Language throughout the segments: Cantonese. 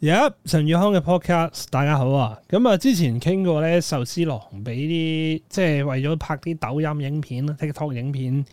Yep, 陳宇康嘅 podcast，大家好啊！咁啊，之前傾過咧，壽司郎俾啲即係為咗拍啲抖音影片、TikTok 影片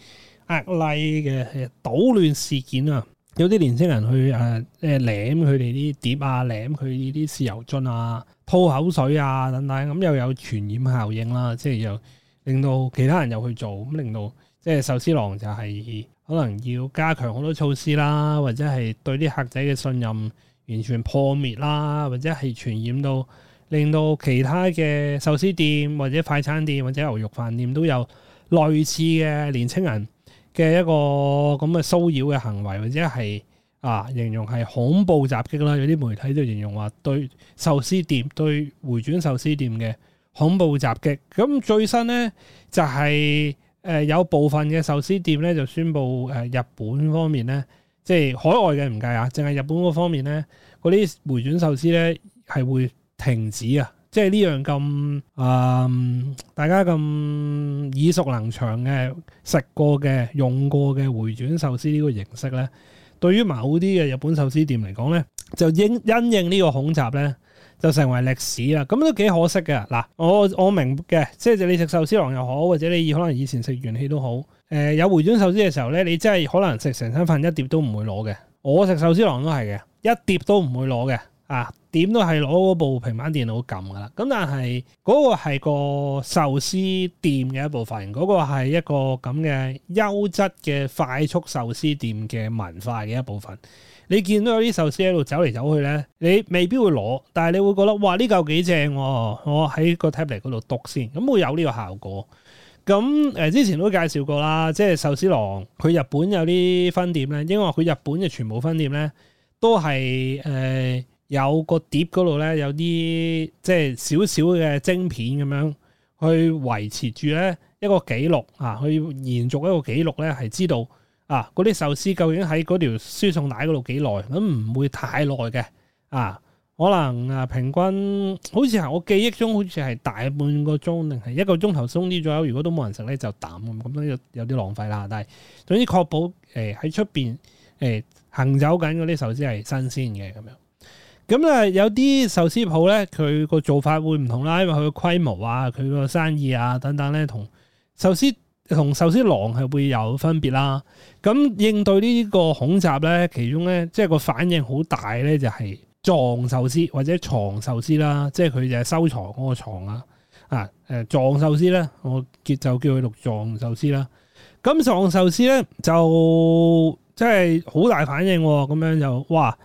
呃 like 嘅搗亂事件啊，有啲年輕人去誒舐佢哋啲碟啊，舐佢呢啲豉油樽啊，吐口水啊等等，咁又有傳染效應啦，即係又令到其他人又去做，咁令到即係壽司郎就係可能要加強好多措施啦，或者係對啲客仔嘅信任。完全破滅啦，或者係傳染到令到其他嘅壽司店、或者快餐店、或者牛肉飯店都有類似嘅年青人嘅一個咁嘅騷擾嘅行為，或者係啊形容係恐怖襲擊啦。有啲媒體都形容話對壽司店、對回轉壽司店嘅恐怖襲擊。咁最新呢，就係誒有部分嘅壽司店咧就宣布誒日本方面呢。即係海外嘅唔計啊，淨係日本嗰方面呢，嗰啲回轉壽司呢係會停止啊！即係呢樣咁，嗯、呃，大家咁耳熟能詳嘅食過嘅用過嘅回轉壽司呢個形式呢，對於某啲嘅日本壽司店嚟講呢，就應因應呢個恐襲呢，就成為歷史啦，咁都幾可惜嘅。嗱，我我明嘅，即係你食壽司郎又好，或者你可能以前食元氣都好，誒、呃、有回轉壽司嘅時候呢，你真係可能食成餐飯一碟都唔會攞嘅。我食壽司郎都係嘅，一碟都唔會攞嘅。啊，點都係攞部平板電腦撳噶啦。咁但係嗰個係個壽司店嘅一部分，嗰個係一個咁嘅優質嘅快速壽司店嘅文化嘅一部分。你見到有啲壽司喺度走嚟走去咧，你未必會攞，但係你會覺得哇，呢嚿幾正喎！我喺個 table 嚟嗰度讀先，咁會有呢個效果。咁誒、呃、之前都介紹過啦，即係壽司郎佢日本有啲分店咧，因為佢日本嘅全部分店咧都係誒、呃、有個碟嗰度咧有啲即係少少嘅晶片咁樣去維持住咧一個記錄啊，去延續一個記錄咧係知道。啊！嗰啲壽司究竟喺嗰條輸送帶嗰度幾耐？咁唔會太耐嘅。啊，可能啊，平均好似係我記憶中，好似係大半個鐘，定係一個鐘頭鬆啲左右。如果都冇人食咧，就抌。咁，咁都有有啲浪費啦。但係總之確保誒喺出邊誒行走緊嗰啲壽司係新鮮嘅咁樣。咁啊，有啲壽司鋪咧，佢個做法會唔同啦，因為佢個規模啊、佢個生意啊等等咧，同壽司。同壽司狼係會有分別啦。咁應對呢個恐襲咧，其中咧即係個反應好大咧，就係、是、撞壽司或者藏壽司啦。即係佢就係收藏嗰個藏，啊啊誒、呃、撞壽司咧，我叫就叫佢讀撞壽司啦。咁撞壽司咧就即係好大反應咁、啊、樣就哇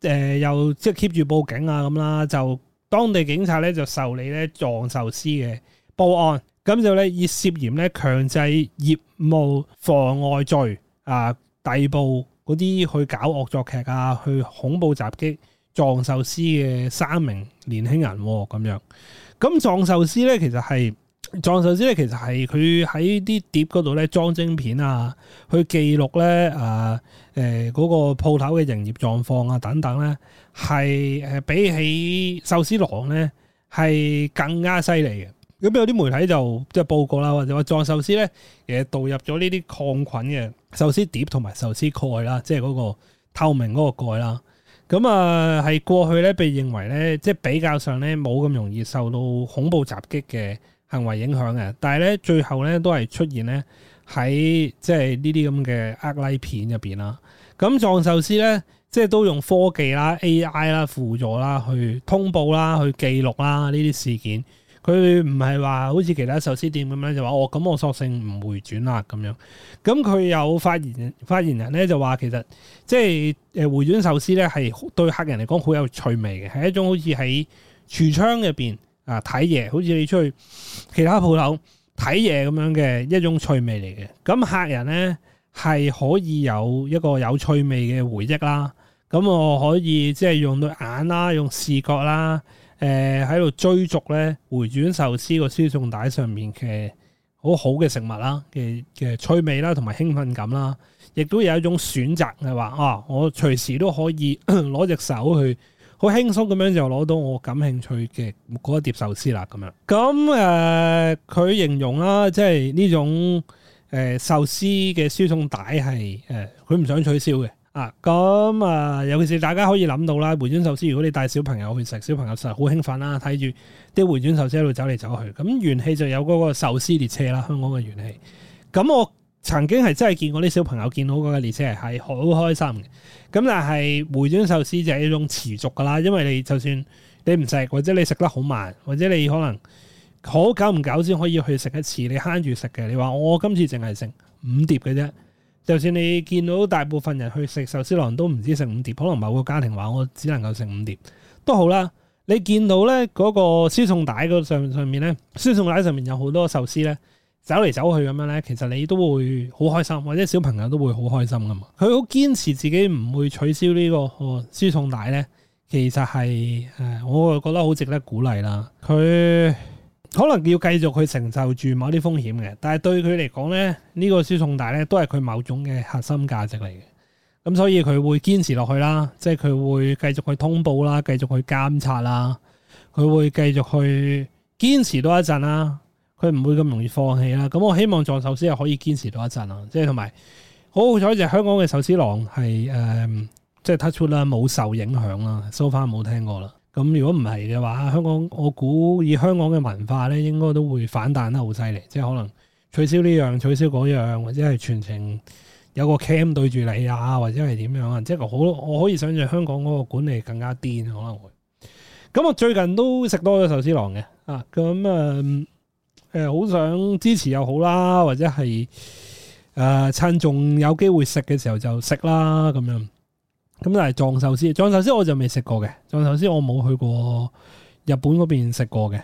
誒又、呃、即係 keep 住報警啊咁啦。就當地警察咧就受理咧撞壽司嘅報案。咁就咧以涉嫌咧強制業務妨礙罪啊，逮捕嗰啲去搞惡作劇啊，去恐怖襲擊藏壽司嘅三名年輕人咁、啊、樣。咁、啊、藏壽司咧，其實係藏壽司咧，其實係佢喺啲碟嗰度咧裝晶片啊，去記錄咧啊誒嗰、呃那個鋪頭嘅營業狀況啊等等咧，係係比起壽司郎咧係更加犀利嘅。咁有啲媒體就即係報告啦，或者話藏壽司咧，其實導入咗呢啲抗菌嘅壽司碟同埋壽司蓋啦，即係嗰個透明嗰個蓋啦。咁啊，係、呃、過去咧被認為咧，即係比較上咧冇咁容易受到恐怖襲擊嘅行為影響嘅，但係咧最後咧都係出現咧喺即係呢啲咁嘅呃拉片入邊啦。咁藏壽司咧，即係都用科技啦、AI 啦輔助啦，去通報啦、去記錄啦呢啲事件。佢唔係話好似其他壽司店咁樣就話，我咁我索性唔回轉啦咁樣，咁佢有發言發言人咧就話，其實即係誒回轉壽司咧係對客人嚟講好有趣味嘅，係一種好似喺櫥窗入邊啊睇嘢，好似你出去其他鋪頭睇嘢咁樣嘅一種趣味嚟嘅。咁客人咧係可以有一個有趣味嘅回憶啦。咁我可以即係、就是、用對眼啦，用視覺啦。誒喺度追逐咧，回轉壽司個輸送，送帶上面嘅好好嘅食物啦，嘅嘅趣味啦，同埋興奮感啦，亦都有一種選擇係話啊，我隨時都可以攞 隻手去，好輕鬆咁樣就攞到我感興趣嘅嗰一碟壽司啦咁樣。咁誒，佢、呃、形容啦、啊，即係呢種誒、呃、壽司嘅輸送，送帶係誒，佢、呃、唔想取消嘅。啊，咁啊，尤其是大家可以諗到啦，回轉壽司如果你帶小朋友去食，小朋友實係好興奮啦，睇住啲回轉壽司喺度走嚟走去，咁、嗯、元氣就有嗰個壽司列車啦，香港嘅元氣。咁、嗯、我曾經係真係見過啲小朋友見到嗰個列車係好開心嘅。咁、嗯、但係回轉壽司就係一種持續㗎啦，因為你就算你唔食，或者你食得好慢，或者你可能好久唔久先可以去食一次，你慳住食嘅。你話我今次淨係食五碟嘅啫。就算你見到大部分人去食壽司郎都唔知食五碟，可能某個家庭話我只能夠食五碟都好啦。你見到咧，嗰個輸送帶嗰上上面咧，輸送帶上面有好多壽司咧走嚟走去咁樣咧，其實你都會好開心，或者小朋友都會好開心㗎嘛。佢好堅持自己唔會取消呢個輸送帶咧，其實係誒，我覺得好值得鼓勵啦。佢。可能要繼續去承受住某啲風險嘅，但係對佢嚟講咧，呢個輸送帶咧都係佢某種嘅核心價值嚟嘅。咁所以佢會堅持落去啦，即係佢會繼續去通報啦，繼續去監察啦，佢會繼續去堅持多一陣啦，佢唔會咁容易放棄啦。咁我希望助壽司又可以堅持多一陣啊！即係同埋好彩就香港嘅壽司郎係誒，即係 touch 啦，冇受影響啦，so far 冇聽過啦。咁如果唔係嘅話，香港我估以香港嘅文化咧，應該都會反彈得好犀利，即係可能取消呢樣、取消嗰樣，或者係全程有個 cam 對住你啊，或者係點樣？即係好，我可以想像香港嗰個管理更加癲，可能會。咁我最近都食多咗壽司郎嘅啊，咁誒誒，好、嗯嗯、想支持又好啦，或者係誒、呃、趁仲有機會食嘅時候就食啦，咁樣。咁就係藏壽司，藏壽司我就未食過嘅，藏壽司我冇去過日本嗰邊食過嘅，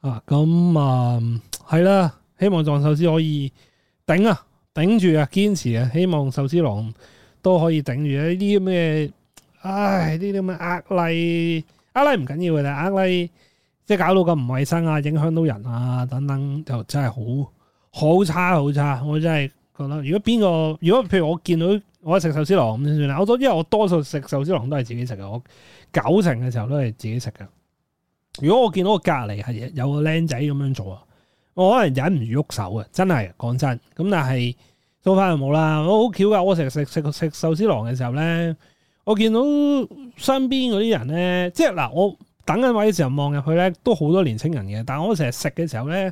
啊，咁啊係啦，希望藏壽司可以頂啊，頂住啊，堅持啊，希望壽司郎都可以頂住啊！呢啲咩唉，呢啲咁嘅壓力，壓力唔緊要嘅啦，壓力即係搞到咁唔衛生啊，影響到人啊，等等，就真係好好差好差，我真係覺得，如果邊個，如果譬如我見到。我食壽司郎咁算啦，我多，因為我多數食壽司郎都係自己食嘅，我九成嘅時候都係自己食嘅。如果我見到我隔籬係有個僆仔咁樣做啊，我可能忍唔住喐手嘅，真係講真。咁但係做翻又冇啦，我好巧噶，我成日食食食食壽司郎嘅時候咧，我見到身邊嗰啲人咧，即係嗱，我等緊位嘅時候望入去咧，都好多年青人嘅，但我成日食嘅時候咧。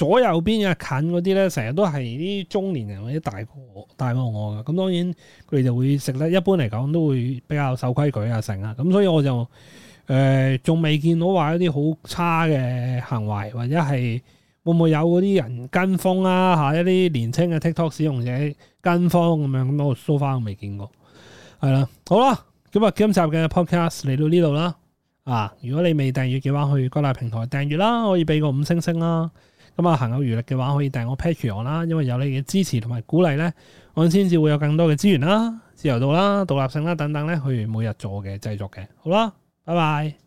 左右邊嘅近嗰啲咧，成日都係啲中年人或者大過我大過我嘅，咁當然佢哋就會食得一般嚟講都會比較守規矩啊，成啊，咁所以我就誒仲未見到話一啲好差嘅行為，或者係會唔會有嗰啲人跟風啊？嚇、啊、一啲年輕嘅 TikTok 使用者跟風咁，啊、樣，咁我 so far 未見過，係啦，好啦，咁啊今集嘅 podcast 嚟到呢度啦啊！如果你未訂閲嘅話，去各大平台訂閲啦，可以俾個五星星啦～咁啊，行有餘力嘅話，可以訂我 Patreon 啦，因為有你嘅支持同埋鼓勵咧，我先至會有更多嘅資源啦、自由度啦、獨立性啦等等咧，去每日做嘅製作嘅。好啦，拜拜。